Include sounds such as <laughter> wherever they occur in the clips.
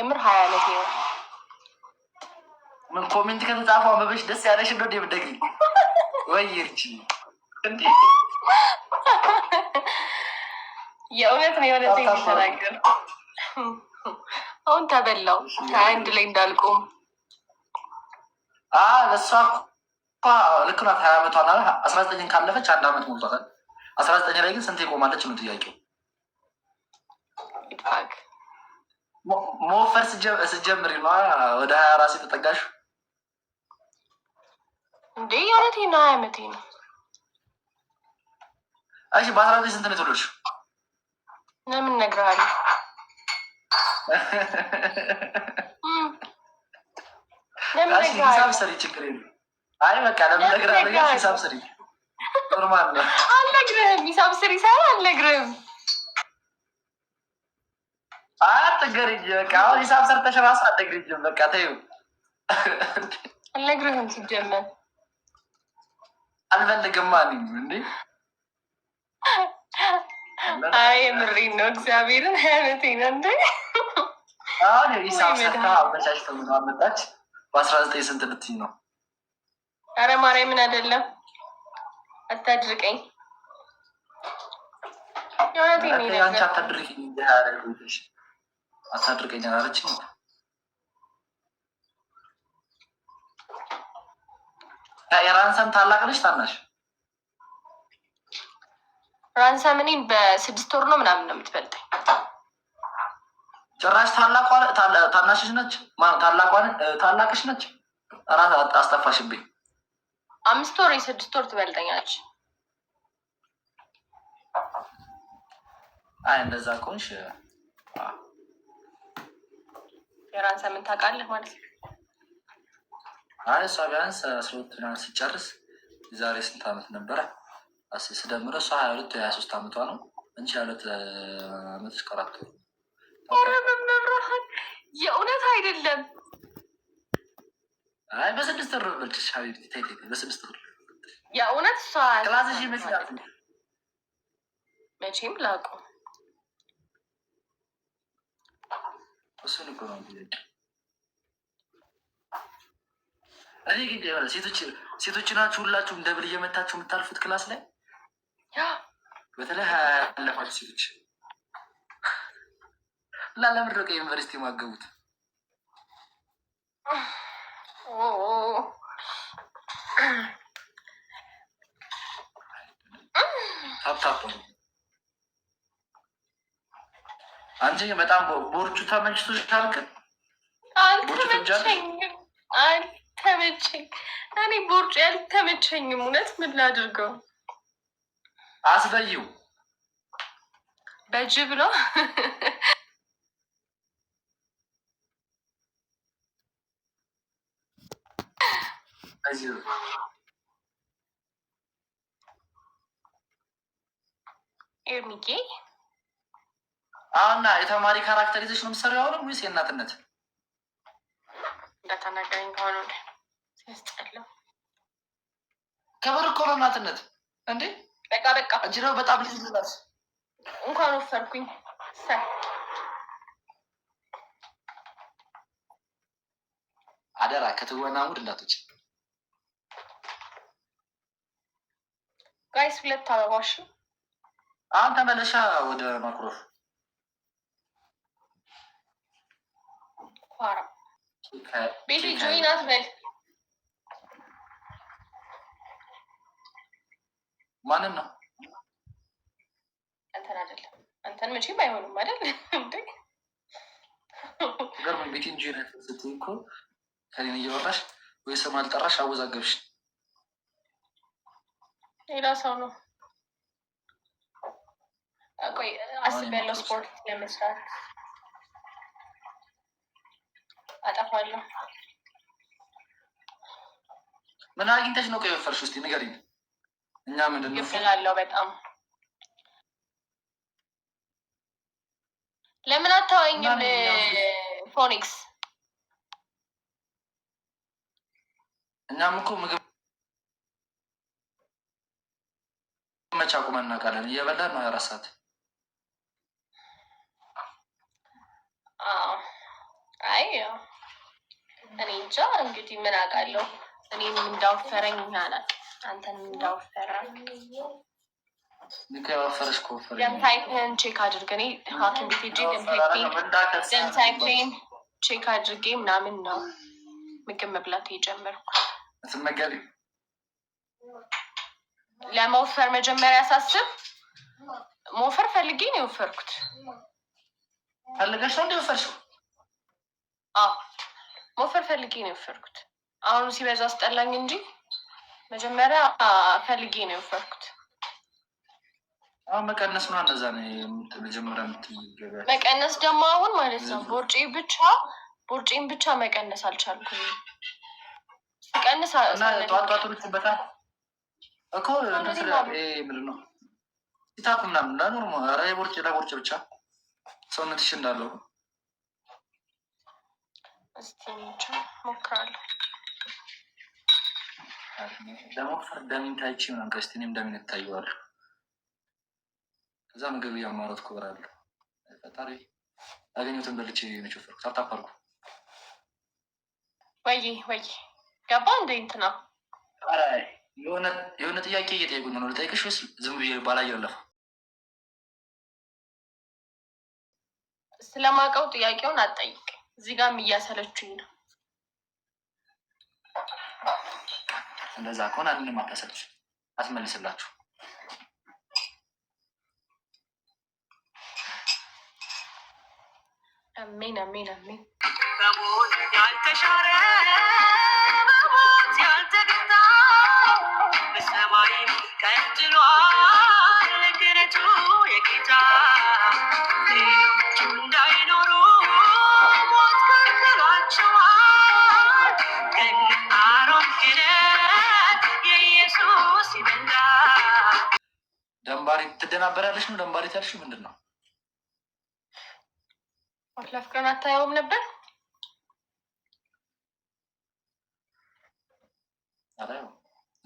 የምር ሀያ ዓመት ነው። ምን ኮሜንት ከተጻፈ አንበበሽ ደስ ያለሽ እንደሆነ የምደግ ወይርች እንዴ የእውነት ነው። የሆነ ዜ አሁን ተበላው አንድ ላይ እንዳልቆም እሷ እኮ ልክ ናት። ሀያ ዓመቷ ና አስራ ዘጠኝን ካለፈች አንድ አመት ሞልቷታል። አስራ ዘጠኝ ላይ ግን ስንት ይቆማለች ነው ጥያቄው። መወፈር ስጀምር ወደ ሀያ ራሴ ተጠጋሽ እንዴ? የአመቴ ነው አመቴ ነው። እሺ በአስራ ዘጠኝ ስንት ነው የተወለድሽ? ለምን እነግርሃለሁ። <laughs> ሂሳብ ስሪ፣ ችግር የለም። አይ በቃ ለምን እነግርሃለሁ። ሂሳብ ስሪ፣ ኖርማል ነው። አልነግርህም። ሂሳብ ስሪ ሳይሆን አልነግርህም አትገርጅ በቃ አሁን ሂሳብ ሰርተሽ ራሱ አትነግሪኝም። በቃ ተይው አልነግርህም። ሲጀመር አልፈልግም አለኝ እንዴ። አይ የምሬን ነው እግዚአብሔርን እውነቴን እንደ አሁን ሂሳብ ሰርታ አመቻችተው ነው አመጣች። በአስራ ዘጠኝ ስንት ልትይኝ ነው? ኧረ ማርያምን አይደለም አታድርቀኝ። የእውነቴን ነው አንቺ አታድርቅኝ እንደ ያደረግሽ አታድርቀኝ አላለች። የራንሰም ታላቅ ነች ታናሽ? ራንሰም እኔን በስድስት ወር ነው ምናምን ነው የምትበልጠኝ። ጭራሽ ታናሽሽ ነች ታላቅሽ ነች። ራት አስጠፋሽብኝ። አምስት ወር የስድስት ወር ትበልጠኛለች። አይ እንደዛ ከሆንሽ ነገር አንተ ምን ታውቃለህ ማለት ነው? አይ እሷ ቢያንስ አስራ ሁለት ምናምን ሲጨርስ የዛሬ ስንት ዓመት ነበረ ስደምረ እሷ ሀያ ሁለት ሀያ ሶስት ዓመቷ ነው እንቺ ሀያ ሁለት ዓመት እስከ አራት የእውነት አይደለም። አይ በስድስት ወር በልጭሽ ሀቢብቲ ታይቴ በስድስት ወር የእውነት እሷ መቼም ላቁ እሱን እኮ ነው እኔ ግን ሴቶች ሴቶች ናችሁ ሁላችሁ እንደብል እየመታችሁ የምታልፉት ክላስ ላይ በተለይ ሀያ ያለፋችሁ ሴቶች እና ለምንድን ነው ከዩኒቨርሲቲ ታፕታፕ ነው አንቺ በጣም ቦርጩ ተመችቶሽ አልክም አልተመቸኝም፣ አልተመቸኝ እኔ ቦርጩ ያልተመቸኝም። እውነት ምን ላድርገው? አስበይው በጅ ብሎ ኤርሚጌ አሁና የተማሪ ካራክተር ይዘሽ ነው የምትሰሪው አሁንም ወይስ የእናትነት እንዳታናገረኝ ከሆነ ሲያስጠላው ከበር እኮ ነው እናትነት እንዴ በቃ በቃ እንጂ ነው በጣም ልጅ ላስ እንኳን ወፈርኩኝ ሰ አደራ ከትወና ሙድ እንዳቶች ጋይስ ሁለት አበባሽ አሁን ተመለሻ ወደ ማክሮፍ ቤቴ ጆይን አትበል። ማንን ነው? አንተን አይደለም። አንተን መቼም አይሆንም አይደል? እንዴ ገርም ቤቴን ጆይን አትበል ስትይ እኮ ከኔን እያወራሽ ወይ ስም አልጠራሽ አወዛገብሽ። ሌላ ሰው ነው። ቆይ አስቤያለሁ ስፖርት ለመስራት አጠፋለሁ። ምን አግኝተሽ ነው ቆይ እስኪ ንገሪኝ። እኛ ምንድን ነው ይፍላለሁ። በጣም ለምን አታወኝም? ፎኒክስ እኛም እኮ ምግብ መቼ አቁመን እናውቃለን? እየበላን ነው አራት ሰዓት። አይ እኔ እንጃ እንግዲህ ምን አውቃለሁ። እኔም እንዳወፈረኝ ይሆናል። አንተንም እንዳወፈረ ደም ታይፕን ቼክ አድርግ። እኔ ሐኪም ቤት ሄጄ ደም ቼክ አድርጌ ምናምን ነው ምግብ መብላት የጀመርኩ። ለመወፈር መጀመሪያ ሳስብ መወፈር ፈልጌ ነው የወፈርኩት። ፈልገሽ ነው እንደወፈርሽው? መወፈር ፈልጌ ነው የወፈርኩት። አሁን ሲበዛ አስጠላኝ እንጂ መጀመሪያ ፈልጌ ነው የወፈርኩት። መቀነስ ነው እንደዛ ነው መጀመሪያ የምትገበያ መቀነስ ደግሞ አሁን ማለት ነው ቦርጬ ብቻ ቦርጬን ብቻ መቀነስ አልቻልኩም። ቀንስ ጠዋት ልችበታል እኮ ምንድን ነው ሲታፕ ምናምን ለኖርሞ ራ ቦርጬ ለቦርጬ ብቻ ሰውነትሽ እንዳለው እስቲ ብቻ ሞክራለሁ። ለሞፈር ደሜን ታይቼ ምናምን ከዛ ምግብ እያማረትኩ እበላለሁ። ፈጣሪ በልቼ ነው ወይ ወይ ገባ እንደ እንትና የሆነ ጥያቄ እየጠየቁኝ ነው። ልጠይቅሽ ወይስ ዝም ብዬ ባላየ አለፈ ስለማውቀው ጥያቄውን አትጠይቅ እዚህ ጋም እያሰለችኝ ነው። እንደዛ ከሆነ አንድ አታሰልች አትመልስላችሁ። አሜን አሜን አሜን ለምባሪ ትደናበራለሽ ነው? ደንባሪ ታልሽ ምንድን ነው? አላፍቀን አታየውም ነበር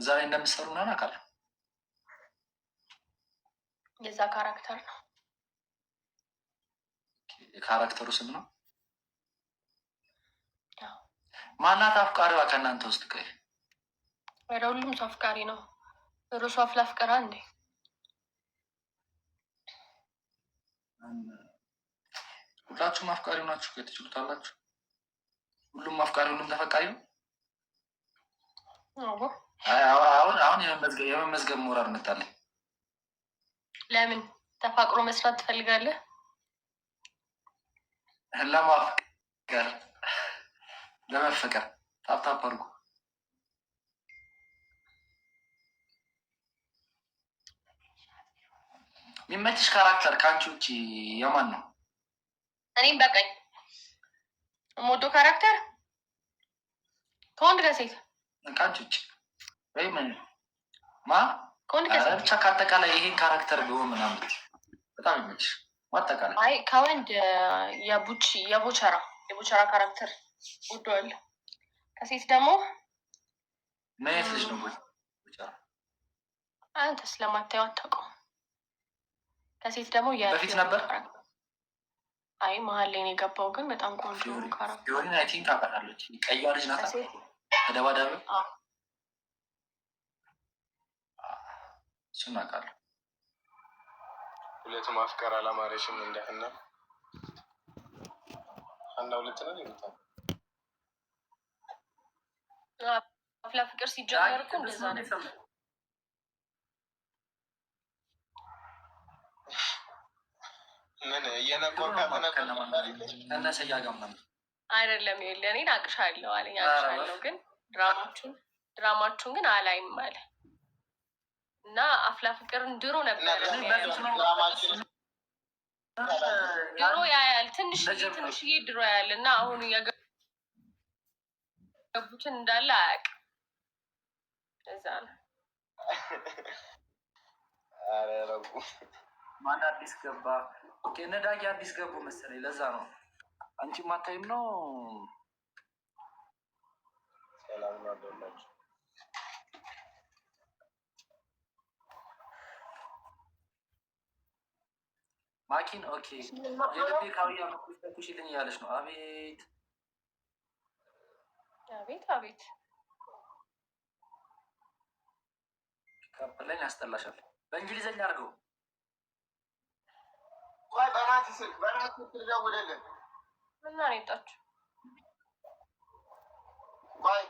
እዛ ላይ እንደምሰሩ ምናምን አካል የዛ ካራክተር ነው። የካራክተሩ ስም ነው። ማናት አፍቃሪዋ ከእናንተ ውስጥ? ቀይ ወደ ሁሉም ሰው አፍቃሪ ነው። ርሶ አፍላፍቀራ እንዴ ሁላችሁም አፍቃሪ ሆናችሁ ትችሉታላችሁ። ሁሉም አፍቃሪ፣ ሁሉም ተፈቃሪ አሁን አሁን የመመዝገብ ሞራል መጣለ ለምን ተፋቅሮ መስራት ትፈልጋለህ? ለማፍቀር፣ ለመፈቀር ታፕታፕ አድርጎ የሚመችሽ ካራክተር ከአንቺ ውጭ የማን ነው? እኔም በቀኝ ሞዶ ካራክተር ከወንድ ከሴት ከአንቺ ውጭ ወይም ማ ከወንድ ከሴት ብቻ ከአጠቃላይ ይሄን ካራክተር ቢሆን ምናምን በጣም ይመች አጠቃላይ። አይ ከወንድ የቡች የቦቸራ የቦቸራ ካራክተር ወደዋል። ከሴት ደግሞ ማየት ልጅ ነው ቦቸራ። አንተ ስለማታየው አታውቀውም ከሴት ደግሞ በፊት ነበር። አይ መሀል ላይ የገባው ግን በጣም ቆንጆ ሆን አይ ቲንክ ታውቃታለች። ቀይዋ ልጅ ናት ተደባዳቢ እሱን አውቃለሁ። ሁለት ማፍቀር አላማረሽም እንደህና አንድ ሁለት ነው ይሉታል። አፍላ ፍቅር ሲጀመር እኮ እንደዛ ነው። አይደለም ይኸውልህ፣ እኔን አቅሻለሁ አለኝ። አቅሻለሁ ግን ድራማችን ድራማችሁን ግን አላይም አለ እና አፍላ ፍቅርን ድሮ ነበር ድሮ ያያል፣ ትንሽዬ ትንሽዬ ድሮ ያያል እና አሁን የገቡትን እንዳለ አያውቅም። እዛ ነው ማን አዲስ ገባ? ኦኬ እነ አዲስ ገቡ መሰለኝ። ለዛ ነው አንቺ ማታይም ነው። ሰላም ነው ማኪን ኦኬ፣ የልቤ ካውያ ኩሽልኝ እያለች ነው። አቤት አቤት አቤት፣ ከፕለኝ ያስጠላሻል። በእንግሊዘኛ አድርገው ቆይ በናት ስልክ በናት ስልክ ልደውልልህ እና ነው የወጣችሁ። ቆይ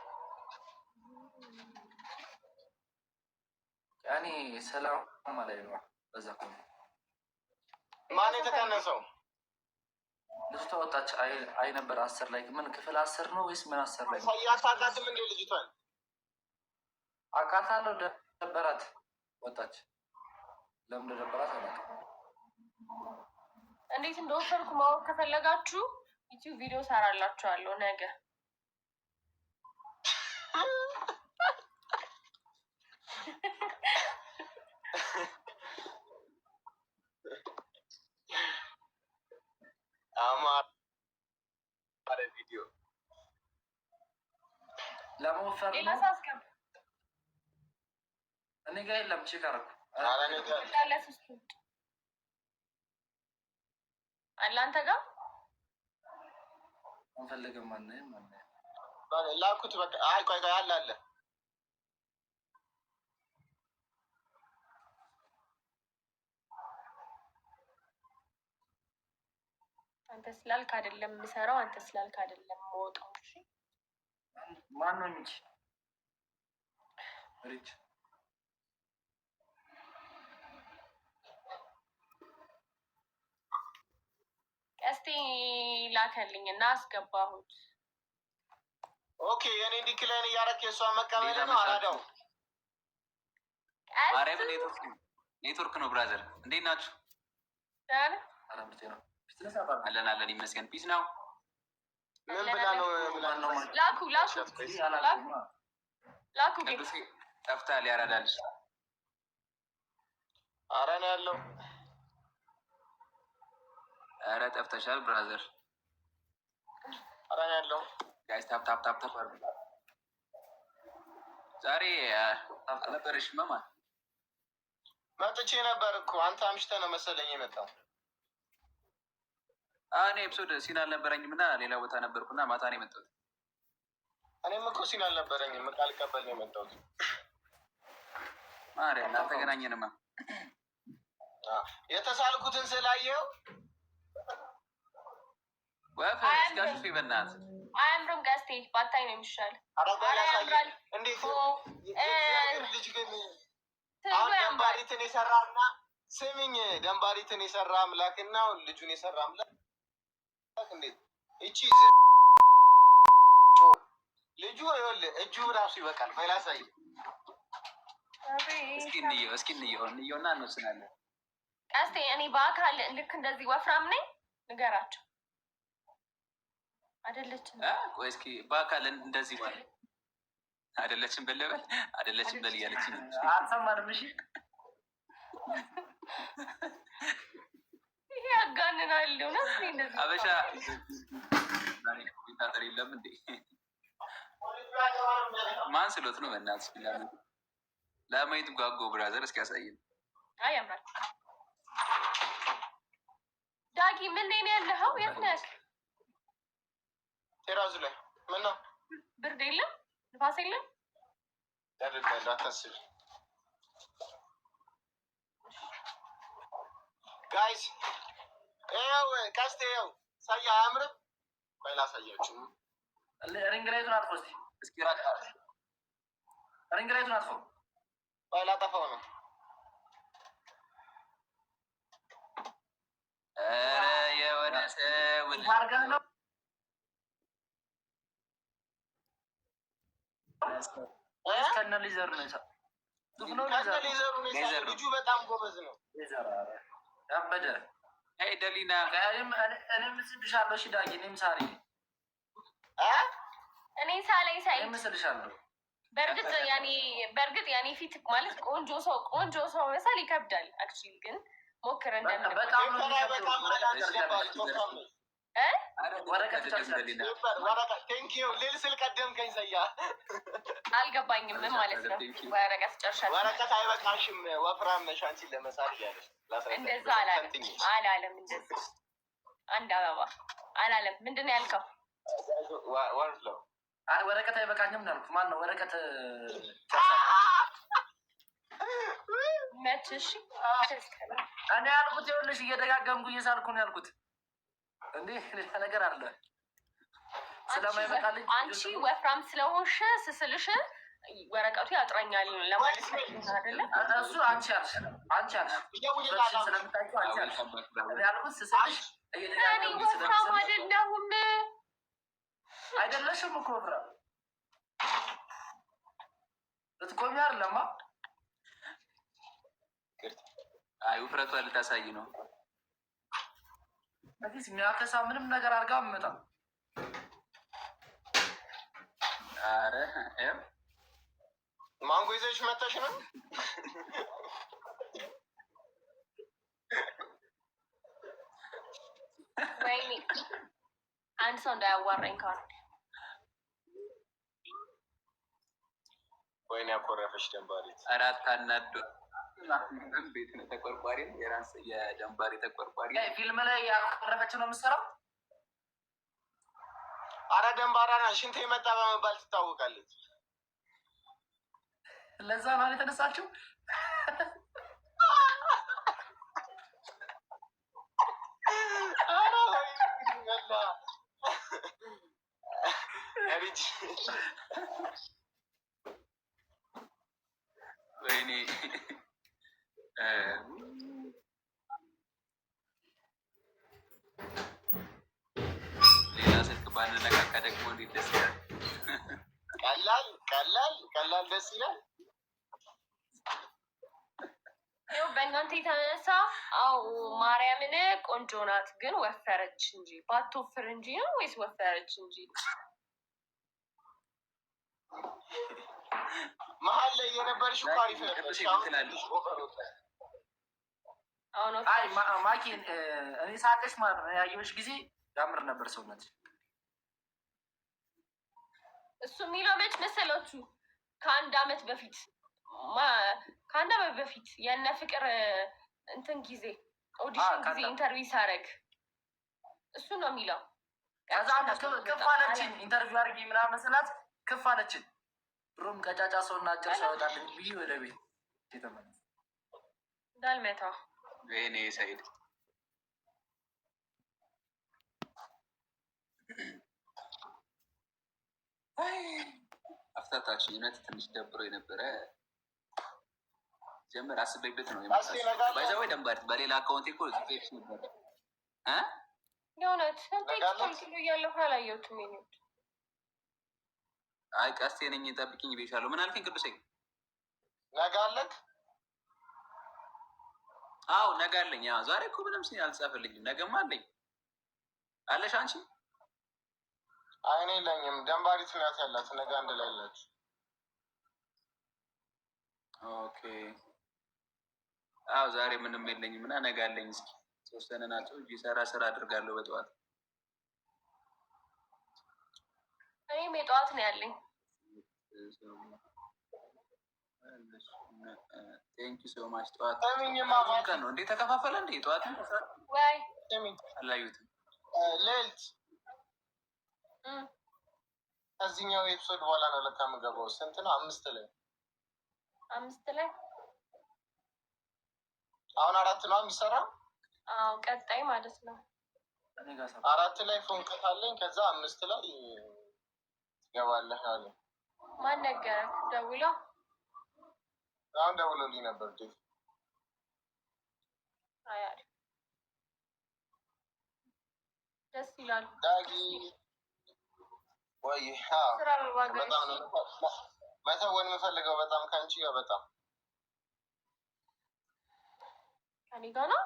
ያኔ ሰላም ማለት ነው። በዛ እኮ ማን የተቀነሰው ልጅቷ ወጣች። አይ ነበር አስር ላይ ምን ክፍል አስር ነው ወይስ ምን አስር ላይ ያሳቃትም እንደ ልጅቷን አቃታለሁ። ደበራት ወጣች። ለምን ደበራት አላውቅም። እንዴት እንደወፈርኩ ማወቅ ከፈለጋችሁ ዩቲዩብ ቪዲዮ ሰራላችኋለሁ ነገ። ለመወፈር እኔ ጋር የለም ቼክ አደረኩ። አለ አንተ ጋር አንፈልግም። ማንም ላኩት። በቃ አይ ቆይ ቆይ አለ አለ አንተ ስላልክ አይደለም የምሰራው፣ አንተ ስላልክ አይደለም የምወጣው። ማን ነው እንጂ እስቲ ላከልኝ እና አስገባሁት። ኦኬ የኔ ዲክላይን እያደረክ የእሷ መቀበል ነው። አራዳው ማርያምን ኔትወርክ ነው። ብራዘር እንዴት ናችሁ? አለን አለን ይመስገን። ፒስ ነው። ላኩ ላኩ ላኩ ጠፍታ ሊያራዳልሽ አረን ያለው ኧረ ጠፍተሻል ብራዘር። አራን ያለው ጋይስ ታፕ ታፕ ታፕ ታፕ ዛሬ አልነበረሽ መማ መጥቼ ነበር እኮ አንተ አምሽተህ ነው መሰለኝ የመጣው። እኔ ኤፕሶድ ሲን አልነበረኝም እና ሌላ ቦታ ነበርኩና ማታ ነው የመጣሁት። እኔም እኮ ሲን አልነበረኝም ልቀበል ነው የመጣሁት። ማርያም አልተገናኘንማ። የተሳልኩትን ስላየው አያምርም። ጋስቴ ባታይ ነው የሚሻል። ደንባሪትን የሰራ እና ስሚኝ፣ ደንባሪትን የሰራ አምላክ እና ልጁን የሰራ አምላክ እንዴት እቺ ልጁ እጁ ራሱ ይበቃል። እስኪ እንየው፣ እስኪ እንየው፣ እንወስናለን። ቀስቴ እኔ በአካል ልክ እንደዚህ ወፍራም ነኝ፣ ንገራቸው አይደለችም። ቆይ እስኪ በአካል እንደዚህ ማለት አይደለችም በለበል አይደለችም በል እያለች አልሰማንም። እሺ ይሄ አጋንናል እውነት አበሻ ሚታጠር የለም እንዴ ማን ስሎት ነው? በእናትሽ ለማየት ጓጎ ብራዘር እስኪ ያሳየን። አይ ያምራል። ዳጊ ምን ነው ያለኸው? የት ነህ? ቴራዙ ላይ ምነው ብርድ የለም ንፋስ የለም? ያደርጋል አታስቢ። ጋይስ ይኸው ቀስቴ ይኸው ሳያ አያምርም? በላ ሳያችሁ ሪንግ ላይቱን አጥፎ እስኪ እስኪ ራቅ ሪንግ ላይቱን አጥፎ በላ ጠፋው ነው የሆነ ሰው ነው ከነ ሌዘር ልጁ። በጣም ጎበዝ ነው። ያበደ ደሊና እኔም ስልሻለሁ። ሽዳጌ እኔም ሳሪ እኔ ሳላይ ሳይ ምስልሻለሁ። በእርግጥ ያኔ በእርግጥ ያኔ ፊት ማለት ቆንጆ ሰው ቆንጆ ሰው መሳል ይከብዳል። አክቹዋሊ ግን ሞክረ እንደምበጣም ልል ስል ቀደምከኝ። ሰያ አልገባኝም ማለት ነው። ወረቀት ጨርሻለሁ። ወረቀት አይበቃሽም፣ ወፍራም ነሽ ለመሳል እንደዛ አላለም አላለም። እንደዛ አንድ አበባ አላለም። ምንድን ነው ያልከው? ወረቀት አይበቃኝም ነው ወረቀት መች? እኔ ያልኩት ይኸውልሽ፣ እየደጋገምኩ እየሳልኩ ነው ያልኩት እንዴ ሌላ ነገር አለ። ስለማይመጣልኝ አንቺ ወፍራም ስለሆንሽ ስስልሽ ወረቀቱ ያጥረኛል ለማለት አይደለሽም እኮ ወፍራም ልትቆሚ አይደለማ። አይ ውፍረቷ ልታሳይ ነው በፊት የሚያከሳ ምንም ነገር አድርጋ አመጣም። ማንጎ ይዘሽ መጣሽ ነው። ወይኔ አንድ ሰው እንዳያዋራኝ ከሆነ ወይኔ ያኮረፈች ደንባሪት አራት አናዶ ቤት ተቆርቋሪ የራስ የደንባሪ ተቆርቋሪ ፊልም ላይ ያቀረበችው ነው የምትሰራው። አረ ደንባራ ሽንት የመጣ በመባል ትታወቃለች። ለዛ ነው የተነሳችው። ወይኔ ሌላ ስልክ ባንነካካ ደግሞ እንዴት ደስ ይላል! ቀላል ቀላል ቀላል ደስ ይላል። ይኸው በእናንተ የተነሳ አው ማርያምን ቆንጆ ናት፣ ግን ወፈረች እንጂ ባትወፍር እንጂ ነው ወይስ ወፈረች እንጂ? መሀል ላይ የነበርሽ አሪፍ ነበር። ማኪ እኔ ሳቀሽ ማለት ነው ያየሁሽ ጊዜ ያምር ነበር ሰውነት። እሱ የሚለው መች መሰላችሁ? ከአንድ አመት በፊት ከአንድ አመት በፊት የነ ፍቅር እንትን ጊዜ ኦዲሽን ጊዜ ኢንተርቪው ሳረግ እሱ ነው የሚለው። ከዛ ክፍ አለችን ኢንተርቪው አድርጊ ምናምን ስላት ክፍ አለችን። ድሮም ቀጫጫ ሰውና አጭር ሰው ይወጣል ብዬ ወደ ቤት እንዳልመታው ይሄኔ ሰይድ አፍታታችን እውነት ትንሽ ደብሮ የነበረ ጀምር አስቤበት ነው ባይዛወ ደንባር በሌላ አካውንት እኮ ነበር የእውነት አይ ቀስቴ ነኝ ጠብቂኝ ብዬሻለሁ። ምን አልከኝ ቅዱሴ ነጋለክ አዎ ነገ አለኝ። ዛሬ እኮ ምንም ሲ አልጻፈልኝም። ነገማ አለኝ አለሽ አንቺ? አይኔ የለኝም። ደንባሪት ናት ያላት። ነገ አንድ ላይ አላችሁ። ኦኬ። አዎ ዛሬ ምንም የለኝም እና ነገ አለኝ። እስኪ ተወሰነ ናቸው እ ሰራ ስራ አድርጋለሁ በጠዋት እኔም የጠዋት ነው ያለኝ ቴንክ ዩ ሶ ማች። ጠዋት ነው እንዴ? ተከፋፈለ እንዴ? ጠዋት አላዩትም። ልዕልት እዚኛው ኤፒሶድ በኋላ ነው ለካ የምገባው። ስንት ነው? አምስት ላይ አምስት ላይ አሁን አራት ነው የሚሰራ። አዎ ቀጣይ ማለት ነው አራት ላይ ፎንቀት አለኝ። ከዛ አምስት ላይ ትገባለህ አለ። ማን ነገረህ ደውለው አሁን ደውሎልኝ ነበር። ደስ ይላል። ወይ መተወን የምፈልገው በጣም ከአንቺ ጋር በጣም ከእኔ ጋር ነው።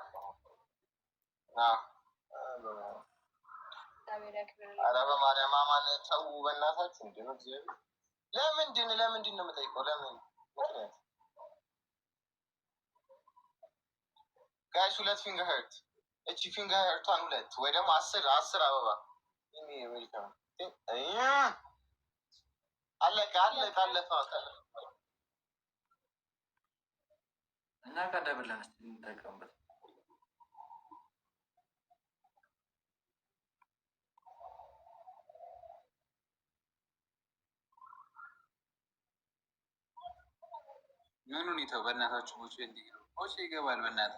ኧረ በማርያም አማን ተው፣ በእናታችሁ። ለምንድን ለምንድን ነው የምጠይቀው? ለምን ምክንያት ጋይስ ሁለት ፊንገር ሄርት እቺ ፊንገር ሄርቷን ሁለት ወይ ደግሞ አስር አስር አበባ አለቀ አለቀ አለፈ እና ከደብለን እንጠቀምበት ምኑን ይተው በእናታችሁ ቦቼ እንዲህ ቦቼ ይገባል በእናታ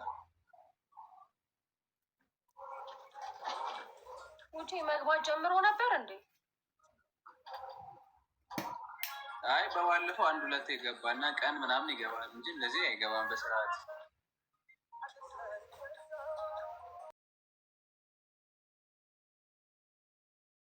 ውጪ መግባት ጀምሮ ነበር እንዴ? አይ በባለፈው አንድ ሁለት የገባና ቀን ምናምን ይገባል እንጂ እንደዚህ አይገባም በስርዓት